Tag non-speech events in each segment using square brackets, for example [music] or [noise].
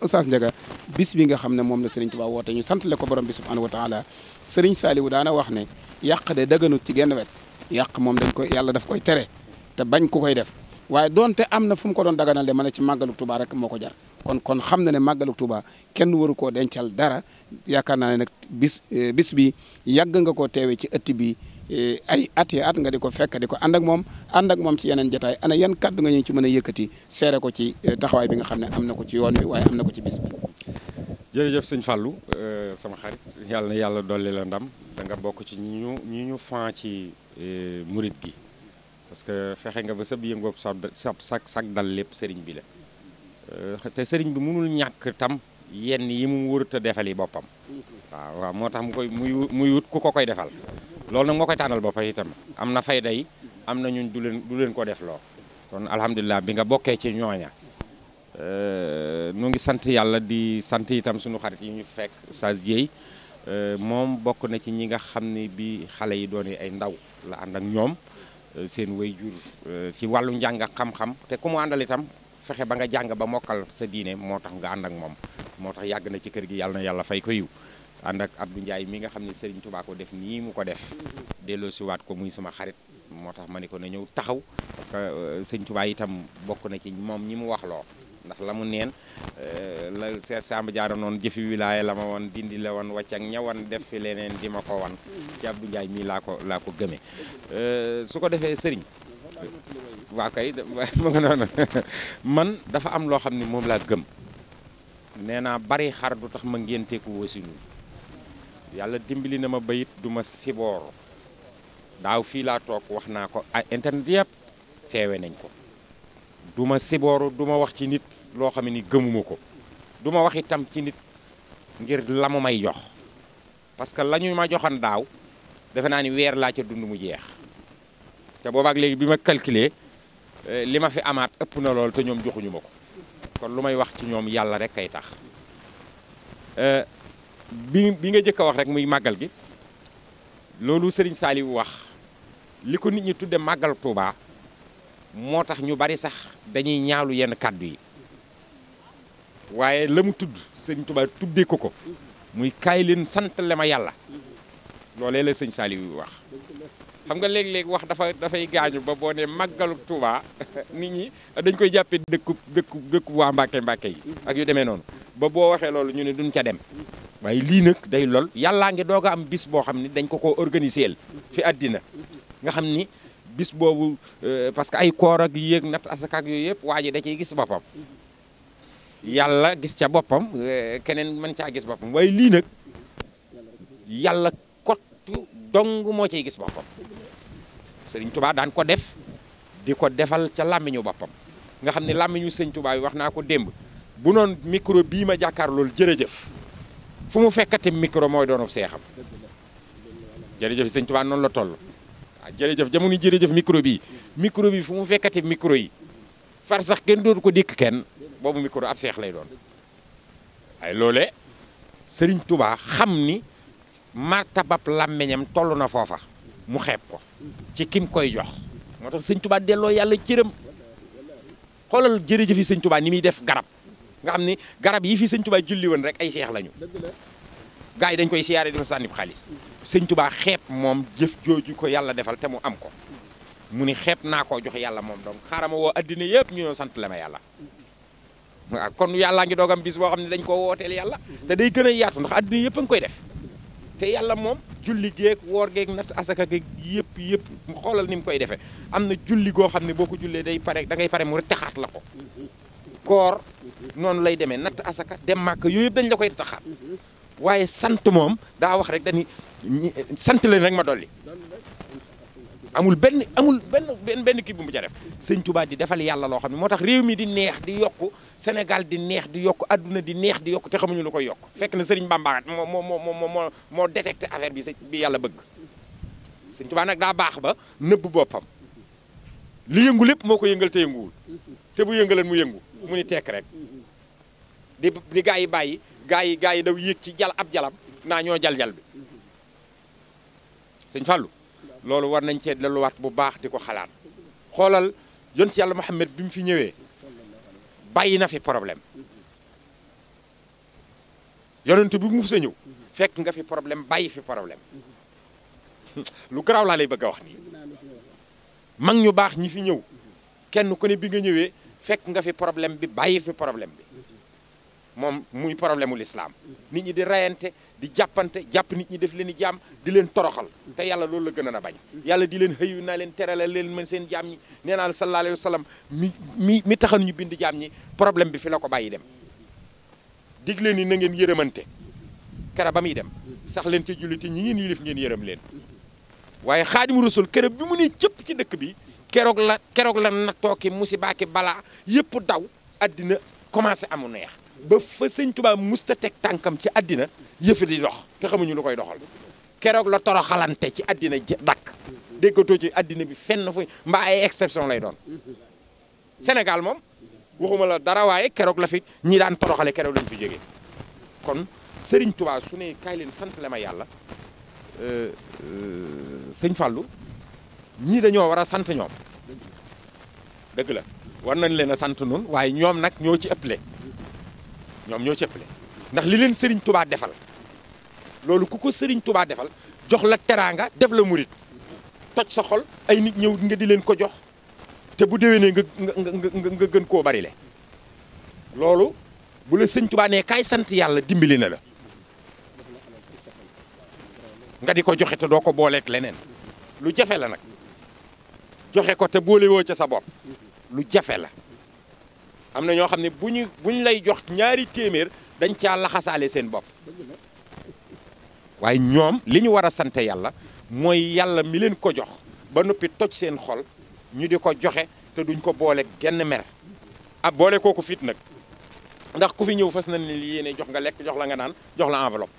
Oustaz Ndiaga bis bi nga xam ne moom la Serigne Touba woote ñu santale ko borom bi subhanahu wa taala Serigne Saliou daana wax ne yàq de daganut ci genn wet yàq moom dañ koy yàlla daf koy tere te bañ ku koy def waaye donte am na fu mu ko doon daganal de ma ne ci màggalu Tuuba rek moo ko jar kon kon xam na ne màggalu Tuuba kenn waru koo dencal dara yaakaar naa ne nag bis eh, bis bi yàgg nga koo teewee ci ëtt bi eh, ay at at nga di ko fekk di ko ànd ak moom ànd ak moom ci yeneen jotaay ana yan kàddu nga ñu ci mën a yëkkati seere ko ci eh, taxawaay bi nga xam ne am na ko ci yoon bi waaye am na ko ci bis bi. jërëjëf sëñ Fallou sama xarit yàlla yàlla dolli la ndam da nga bokk ci ñi ñu ñi ñu fan ci murit gi. parce que fexe nga ba sab yëngu bopp sab sag sag dal lépp sëriñ bi la euh, te sëriñ bi mënul ñàkk tam yenn yi mu wërut defal defali boppam waaw waaw moo tax mu koy muy muy wut ku ko koy defal loolu nag moo koy tànnal boppam itam am na fay yi am na ñun du leen du leen ko def loo kon alhamdulilah bi nga bokkee ci ñooña euh, nu ngi sant yàlla di sant itam suñu xarit yi ñu fekk Oustaz Dieye euh, moom bokk na ci ñi nga xam ni bi xale yi doon ay ndaw la ànd ak ñoom Euh, seen wayjur euh, ci wàllu njàng ak xam-xam te ku mu àndal itam fexe ba nga jàng ba mokkal sa diine moo tax nga ànd ak moom moo tax yàgg na ci kër gi yàlla na yàlla fay ko yiw ànd ak Abdou Ndiaye mi nga xam ne Serigne Touba ko def nii mu ko def delloosiwaat ko muy sama xarit moo tax ma ne ko na ñëw taxaw parce que euh, Serigne itam bokk na ci moom ñi mu wax loo ndax la mu neen euh, la Seex Samba Diarra noonu jëfi wilaaya la ma woon dindi la woon wàcc ak ñawoon def fi leneen di ma ko wan ci Abdou Ndiaye mii laa ko laa ko gëmee euh, su ko defee sëriñ waa kay [laughs] ma nga noonu [laughs] man dafa am loo xam ne moom laa gëm nee naa bari xar du tax ma ngénteeku wasinu yàlla dimbali na ma bayit du ma siboor daaw fii laa toog wax naa ko ah, internet yëpp teewe nañ ko du ma sibooru du ma wax ci nit loo xam ne ni gëmuma ko du ma wax itam ci nit ngir la mu may jox parce que la ñu ma joxan daaw defe naa ni weer laa ca dund mu jeex te boo boobaak léegi bi ma calculer eh, li ma fi amaat ëpp na loolu te ñoom joxuñu ma ko kon lu may wax ci ñoom yàlla rek kay tax eh, bi bi nga jëkk a wax rek muy màggal gi loolu Serigne Saliou wax li ko nit ñi tudde màggal Touba moo tax ñu bari sax dañuy ñaalu yenn kàddu yi waaye la mu tudd sëñ Tuubaa tuddee ko muy kaay leen sant le ma yàlla loolee la sëñ Saaliw wax xam nga léeg-léeg wax dafa dafay gaañu ba boo ne màggalu Tuubaa [laughs] nit ñi dañ koy jàppee dëkku dëkku dëkku waa Mbàkke Mbàkke yi ak yu demee noonu ba boo waxee loolu ñu ne duñ ca dem waaye lii nag day lool yàllaa ngi doog am bis boo xam ne dañ ko ko organiser fi àddina nga xam ni bis boobu euh, parce que ay koor ak yéeg nat asaka ak yooyu yëpp waa ji da ciy gis boppam yàlla gis ca boppam euh, keneen mën caa gis boppam waaye lii nag yàlla kottu dong moo ciy gis boppam sëriñ tubaa daan ko def di ko defal ca làmmiñu boppam nga xam ne làmmiñu sëñ tubaa yi wax naa ko démb bu noon micro bii ma jàkkaar loolu jërëjëf fu mu fekkati micro mooy doonub seexam jërëjëf sëñ tubaa noonu la toll jërëjëf jamono jërëjëf micro bi micro bi fu mu fekkati micro yi far sax kenn dootu ko dékk kenn boobu micro ab seex lay doon ay loole sëriñ tubaa xam ni martabab làmmeñam toll na foofa mu xeeb ko ci kim koy jox moo tax sëñ tubaa delloo yàlla cëram xoolal jërëjëf yi sëñ tubaa ni muy def garab nga xam ni garab yi fi sëñ tubaa julli woon rek ay seex lañu gars yi dañ koy siyaare di fa sànni xaalis sëñ tubaa xeeb moom jëf jooju ko yàlla defal te mu am ko mu ni xeeb naa koo jox yàlla moom donc xaaral ma yëpp ñu sant la ma yàlla waaw kon yàllaa ngi doogam bis boo xam ne dañ koo wooteel yàlla te day gën a yaatu ndax addina yëpp a ngi koy def te yàlla moom julli geeg woor geeg natt asaka geeg yëpp yëpp mu xoolal ni mu koy defee am na julli goo xam ne boo ko jullee day pare da ngay pare mu taxaat la ko koor noonu lay demee natt asaka dem màkk yooyu yëpp dañ la koy taxaat waaye sant moom daa wax rek dañuy sant leen rek ma dolli amul benn amul benn benn kii bu mu ca def sëñ Touba di defal yàlla loo xam ne moo tax réew mi di neex di yokk Sénégal di neex di yokk adduna di neex di yokku te xamuñu lu koy yokk fekk na Serigne Bamba moo moo moo moo moo détecté affaire bi bi yàlla bëgg sëñ nag daa baax ba nëbb boppam li yëngu lépp moo ko yëngalte te yënguwul te bu yëngaleen mu yëngu mu ni tekk rek di di bàyyi. gaa yi gaa yi daw yéeg ci jal ab jalam naa ñoo jal-jal bi sëñ Fallou loolu war nañ cee delluwaat bu baax di ko xalaat xoolal yont yàlla Muhammad bi mu fi ñëwee bàyyi na fi problème yonent bi mu sa ñëw fekk nga fi problème bàyyi fi problème [laughs] lu garaaw laa lay bëgg wax nii mag ñu baax ñi fi ñëw kenn ku ne bi nga ñëwee fekk nga fi problème bi bàyyi fi problème bi moom muy problème wu lislaam nit ñi di reyante di jàppante jàpp nit ñi def leen i jaam di leen toroxal te yàlla loolu la gën a bañ yàlla di leen xëyu naa leen terala leen man seen jaam ñi nee naa sallallahu alayhi wa sallam mi mi mi ñu bind jaam ñi problème bi fi la ko bàyyi dem dig leen ni na ngeen yërëmante kera ba muy dem sax leen ci jullit ñi ngeen yilif ngeen yërëm leen waaye xaadimu rasul kere bi mu ne cëpp ci dëkk bi keroog la keroog la nattoo ki musiba ki balaa yëpp daw addina commencé amu neex ba fa sëñ Tuubaa musta teg tànkam ci àddina yëfi di dox te xamuñu lu koy doxal keroog la toroxalante ci àddina dakk déggatoo ci àddina bi fenn fu mbaa ay exception lay doon Sénégal moom waxuma la dara waaye keroog la fi ñi daan toroxale keroog lañ fi jógee kon sëriñ tubaa su ne kaay leen sant le ma yàlla euh, euh, sëñ Fallou ñii dañoo war a sant ñoom dëgg la war nañ leen a sant noonu waaye ñoom nag ñoo ci ëpple ñoom ñoo cëppale ndax li leen Serigne Touba defal loolu ku ko sëriñ tubaa defal jox la teraanga def la murit toj sa xol ay nit ñëw nga di leen ko jox te bu déwénee nga nga nga gën koo bari le loolu bu la sëñ Touba nee kaay sant yàlla dimbali na la nga di ko joxe te doo ko booleeg leneen lu jafe la nag joxe ko te boolewoo ca sa bopp lu jafe la. am na ñoo xam ne bu ñu bu ñu lay jox ñaari téeméer dañ caa laxasaale seen bopp waaye ñoom li ñu war a sant yàlla mooy yàlla mi leen ko jox ba noppi toj seen xol ñu di ko joxe te duñ ko boole genn mer ah boole kooku fit nag ndax ku fi ñëw fas na ne li yéene jox nga lekk jox la nga naan jox la enveloppe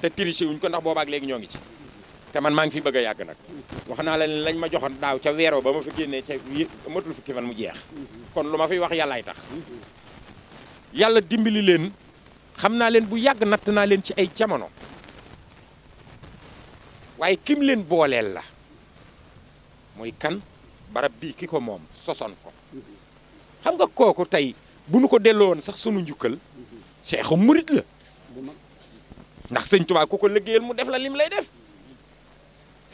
te triché wuñ ko ndax boobaak léegi ñoo ngi ci te man maa ngi fi bëgg a yàgg nag wax naa leen lañ ma joxoon daaw ca weeroo ba ma fi génnee ca matul fukki fan mu jeex kon lu ma fiy wax yàllaay tax yàlla dimbali leen xam naa leen bu yàgg natt naa leen ci ay jamono waaye kim leen booleel la mooy kan barab bii ki ko moom sosoon ko xam nga kooku tey bu nu ko delloo woon sax sunu njukkal seexu murit la ndax sëñ Tuubaa ku ko liggéeyal mu def la lim lay def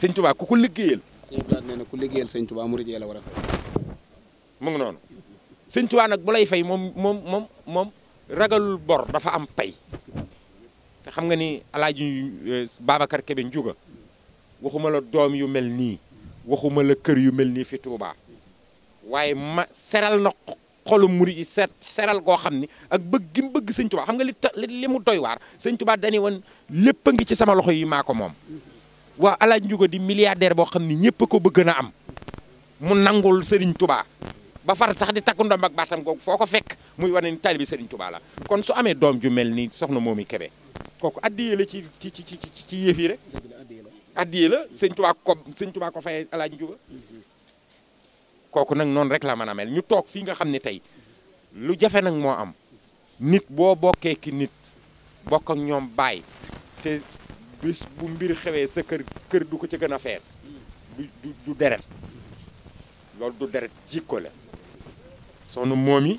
sëñ Tuubaa ku ko liggéeyal. sëñ ku liggéeyal sëñ Tuubaa murid yi la war a fay. noonu sëñ Tuubaa nag bu lay fay moom moom moom moom ragalul bor dafa am pay te xam nga ni alaaji euh, Babacar Kebe Njuga waxuma la doom yu mel nii waxuma la kër yu mel nii fi Tuubaa waaye ma seral na xolu mu yi seet seral goo xam ni ak bëgg gi bëgg sëñ Tuubaa xam nga li li mu doy waar sëñ Tuubaa dañuy woon lépp a ngi ci sama loxo yi maa ko moom waaw alaaj njugo di milliardaire boo xam ne ñëpp ko bëgg na am mu nangul Serigne tubaa ba far sax di takku ndomb ak baatam googu foo ko fekk muy wane ni taalibi Serigne tubaa la kon su amee doom ju mel ni soxna Momy Kébé kooku addiyee la ci ci ci ci yëf yi rek addiyee la Serigne Touba ko Serigne Touba ko fay alaaj njugo kooku nag noonu rek la mën a mel ñu toog fii nga xam ni tey lu jafe nag moo am nit boo bokkee ki nit bokk ak ñoom baay bis bu mbir xewee sa kër kër du ko ci gën a fees du du deret loolu du deret jikko la sonu moom yi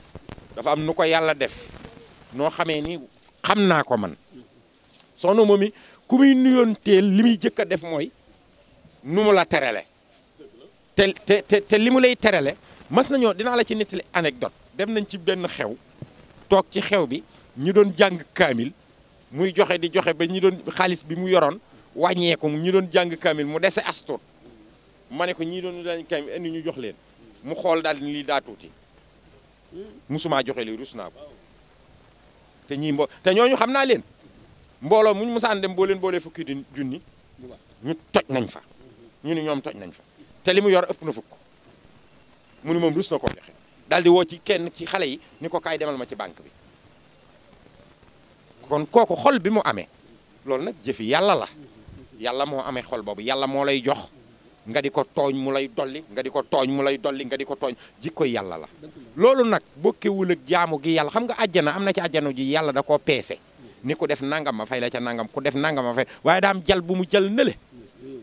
dafa am nu ko yàlla def noo xamee ni xam naa ko man sonu moom yi ku muy nuyoon teel li muy jëkk a def mooy nu mu la terale te te te li mu lay terale mas nañoo dinaa la ci nettali anecdote dem nañ ci benn xew toog ci xew bi ñu doon jàng kaamil muy joxe di joxe ba ñi doon xaalis bi mu yoroon wàññeeku ñu doon jàng kaamil mu dese as tuut ma ne ko ñii doon jàng kaamil indi ñu jox leen mu xool daal ni lii daa tuuti musumaa joxe li rus naa ko te ñii mbo te ñooñu xam naa leen mbooloo mu mosaan dem boo leen boolee fukki di junni ñu toj nañ fa ñu ni ñoom toj nañ fa te li mu yor ëpp na fukk mu ni moom rus na koo joxe daal di woo ci kenn ci xale yi ni ko kaay demal ma ci banque bi kon kooku xol bi mu amee loolu nag jëfi yàlla la yàlla moo amee xol boobu yàlla moo lay jox nga di ko tooñ mu lay dolli nga di ko tooñ mu lay dolli nga di ko tooñ jikko yàlla la loolu nag bokkewul ak jaamu gi yàlla xam nga àjjana am na ci àjjana ji yàlla da koo peese ni ku def nangam ma fay la ca nangam ku def nangam ma fay waaye daam jal bu mu jël nële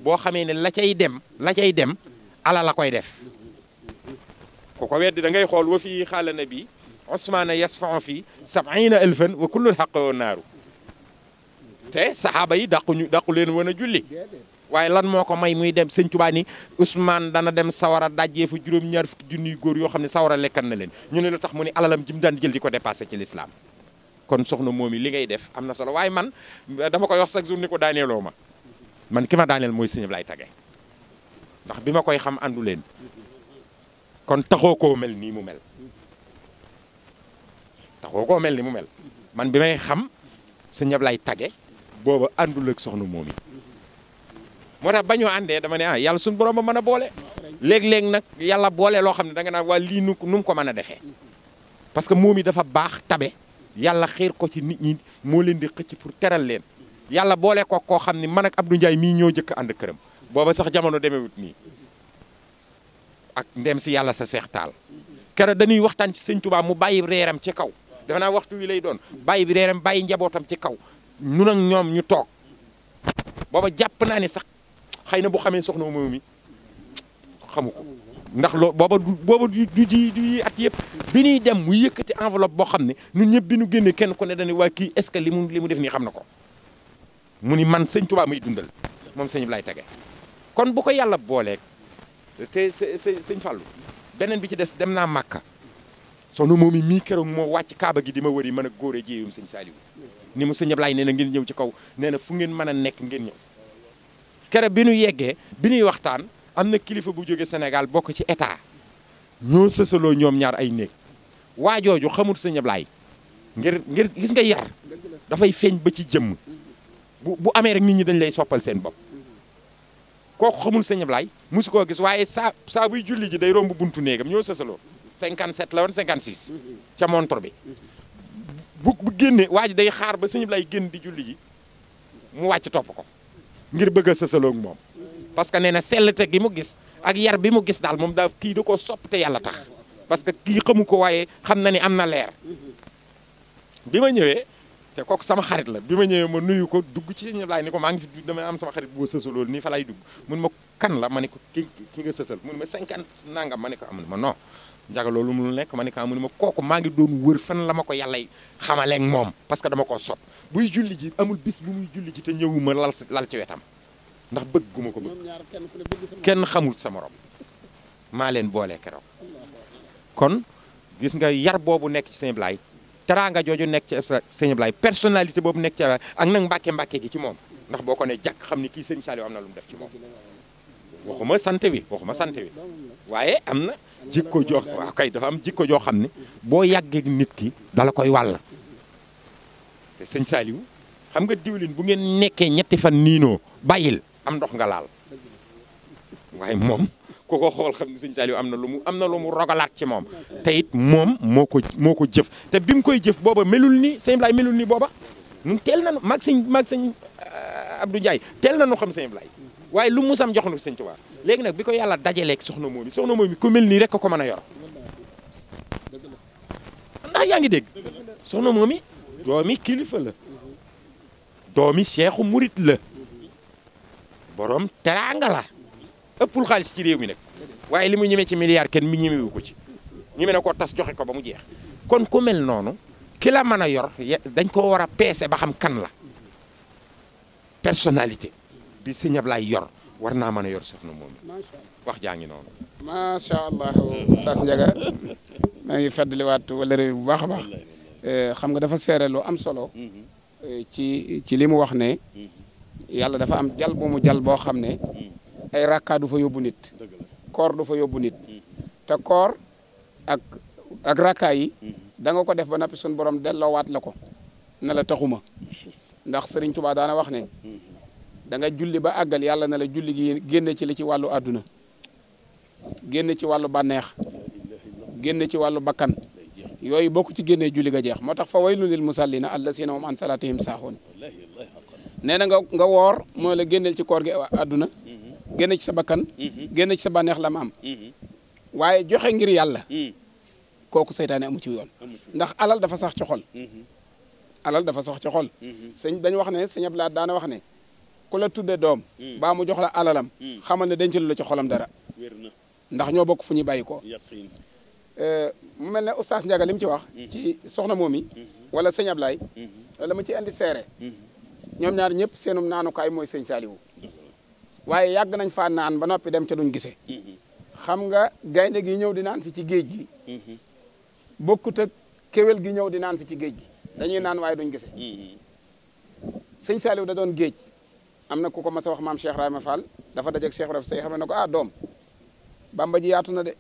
boo xamee ne la cay dem la cay dem ala la koy def ku ko weddi da ngay xool wa fii xaala bi Ousmane yasfa'u fi sab'iina alfan wa kullul haqqahu naaru te saxaaba yi dàquñu daqu leen woon a julli waaye lan moo ko may muy dem sëñ Tuubaa ni Ousmane dana dem sawara dajjee fa juróom-ñaar fukki junniy góor yoo xam ne sawara lekkan na leen ñu ne lu tax mu ni alalam ji mu daan jël di ko dépassé ci lislaam kon soxna moom yi li ngay def am na solo waaye man dama koy wax chaque jour ni ko daaneeloo ma man ki ma daaneel mooy sëñ Ablaye Tage ndax bi ma koy xam àndu leen kon taxoo koo mel nii mu mel taxoo ko mel ni mu mel man bi may xam sëñ Ablaye tage booba àndul ak soxna moom yi moo tax ba ñu àndee dama ne ah yàlla suñ borom a mën a boole léeg-léeg nag yàlla boole loo xam ne da naan waa lii nu nu mu ko mën a defee parce que moom yi dafa baax tabe yàlla xiir ko ci nit ñi moo leen di xëcc pour teral leen yàlla boole ko koo xam ne man ak Abdou Ndiaye mii ñoo jëkk ànd këram booba sax jamono demewut nii ak ndem si yàlla sa seex taal kere dañuy waxtaan ci sëñ Tuubaa mu bàyyi reeram ci kaw defe naa waxtu wi lay doon bàyyi bi reeram bàyyi njabootam ci kaw nun ak ñoom ñu toog booba jàpp naa ni sax xëy na bu xamee soxna moom mi xamu ko ndax loo booba du booba du ji du at yëpp bi ñuy dem mu yëkkati enveloppe boo xam ne ñun ñëpp bi ñu génnee kenn ku ne dañu waa kii est-ce que li mu li mu def nii xam na ko mu ni man sëñ Tuubaa muy dundal moom sëñ bi lay tege kon bu ko yàlla booleeg te sëñ Fallou beneen bi ci des dem naa Màkka soxna moom i mii keroog moo wàcc kaaba gi di ma wëri mën a góor a jéeyum sëñ Saliou ni mu sëñ Ablaye nee na ngeen ñëw ci kaw nee na fu ngeen mën a nekk ngeen ñëw keroog bi nu yeggee bi ñuy waxtaan am na kilifa bu jóge Sénégal bokk ci état ñoo sësaloo ñoom ñaar ay néeg waa jooju xamul sëñ ngir ngir gis nga yar dafay feeñ ba ci jëmm bu amee rek nit ñi dañ lay soppal seen bopp kooku xamul sëñ Ablaye mosu koo gis waaye saa saa buy julli ji day romb buntu néegam ñoo sësaloo cinquante 57 la woon 56. ca montre bi. bu bu génnee waa day xaar ba sëñ lay génn di julli ji mu wàcc topp ko ngir bëgg a sësaloog moom parce que nee na sellte gi mu gis ak yar bi mu gis daal moom daal kii da koo sopp te yàlla tax parce que kii xamu ko waaye xam na ni am na leer bi ma ñëwee te kooku sama xarit la bi ma ñëwee ma nuyu ko dugg ci sëñ laay ni ko maa ngi fi dama am sama xarit boo sësalool nii fa lay dugg mun ma kan la ma ne ko ki ki nga sësal mun ma cinquante nangam ma ne ko am ma non njaga loolu mu nekk ma ne ka mu ne ma kooku maa ngi doon wër fan la ma ko yàllay xamaleeg moom parce que dama koo sopp buy julli ji amul bis bu muy julli ji te ñëwuma lal lal ci wetam ndax bëgg gu ma ko bëgg kenn xamul sa morom maa leen boole keroog kon gis nga yar boobu nekk ci Sëñ Blaye teraanga jooju nekk ci Sëñ Blaye personnalité boobu nekk ci ak nag mbàkke mbàkke gi ci moom ndax boo ko ne jàkk xam ni kii sëñ Saliou am na lu mu def ci moom waxuma sant bi sant bi waaye am na jikko joo waaw kay dafa am jikko joo xam ne boo yàggee nit ki dala koy wàll te sëñ Saliou xam nga diwlin bu ngeen nekkee ñetti fan niinoo bàyyil am ndox nga laal waaye moom koo koo xool xam nga sëñ Saliou am na lu mu am na lu mu rogalaat ci moom te it moom moo ko moo ko jëf te bi mu koy jëf booba melul ni sëñ Blaye melul ni booba nun teel nanu maag sëñ mag sëñ euh, Abdou Ndiaye teel na nanu xam sëñ Blaye waaye lu mu sam jox na sëñ Tuubaa léegi nag bi ko yàlla dajaleeg soxna moom yi soxna moomi yi ku mel nii rek ko mën a yor ndax yaa ngi dégg soxna moom yi murit la borom teraanga ëppul xaalis ci réew mi nag waaye li mu ñemee ci milliard kenn mu ñemewu ko ci ñeme na ko tas joxe ko ba mu jeex kon ku mel noonu ki la mën a yor dañ ko war a peese ba xam kan la personnalité bi sëñ Ablaye yor war naa mën a yor soxna moom wax jaa ngi noonu. macha allah Sass Ndiaga maa ngi fàttaliwaat wala bu baax a baax eh, xam nga dafa seere lu am solo. Eh, ci ci li mu wax ne. yàlla dafa am jal bu mu jal boo xam ne. ay rakkaa du fa yóbbu nit. koor du fa yóbbu nit. te koor ak ak rakkaa yi. danga ko def ba noppi suñu borom delloowaat la ko. ne la taxuma ndax Serigne Touba daana wax ne. da nga julli ba àggal yàlla na la julli gi génne ci li ci wàllu àdduna génne ci wàllu bànneex génne ci wàllu bakkan yooyu bokk ci génnee julli ga jeex moo tax fa waylun lil musallina allazina hum an salatihim saahuun nee na nga nga woor mooy la génneel ci koor gi àdduna génne ci sa bakkan génne ci sa bànneex la ma am waaye joxe ngir yàlla kooku seytaane amu ci yoon ndax alal dafa sax ci xol alal dafa sax ci xol sëñ dañ wax ne sëñ Abdoulaye daana wax ne ku la tudde doom hmm. baa mu jox la alalam hmm. xamal ne denc la ci xolam dara ndax ñoo bokk fu ñu bàyyi ko eh, mu mel ne oustaz Ndiaga li mu ci wax hmm. ci soxna moom yi wala sëñ Ablaye la ma ciy andi seere ñoom ñaar ñëpp seenum naanukaay mooy sëñ Saliou waaye yàgg nañ fa naan ba noppi dem ca duñ gise xam nga gaynde gi ñëw di naan si ci géej gi bokkut ak kéwél gi ñëw di naan si ci géej gi dañuy naan waaye duñ gisee sëñ Saliou da doon géej am na ku ko mas a wax maam Cheikh Rahma Fall dafa dajeeg Cheikh Rahma Seye xam ne ko ah doom bamba ji yaatu na de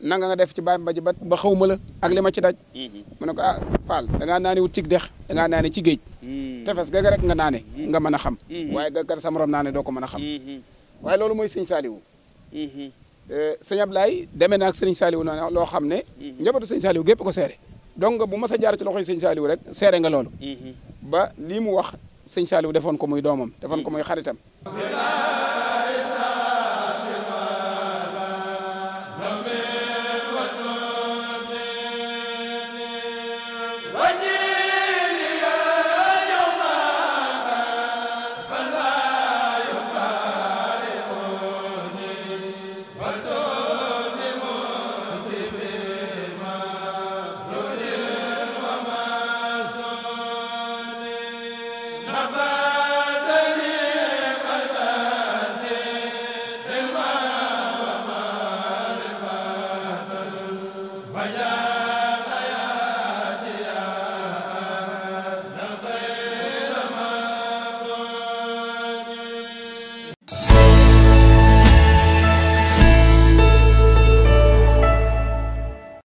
nanga nga def ci bamba ji ba ba xaw ma la ak li ma ci daj. Mhm. mu ne ko ah Fall da ngaa naane wut cig dex da ngaa naane ci géej. Mhm. tefes gaga rek nga naane. Mhm. nga mën a xam. waaye gaga sa morom naane doo ko mën a xam. waaye loolu mooy sëñ Saliou. Eh, sëñ Ablaye demee na ak sëñ Saliou na loo xam ne. njabootu sëñ Saliou gépp ko seere donc bu mas a jaar ci loxoy sëñ Saliou rek seere nga loolu. ba lii mu wax. sëñ Saliou defoon ko muy doomam defoon ko muy xaritam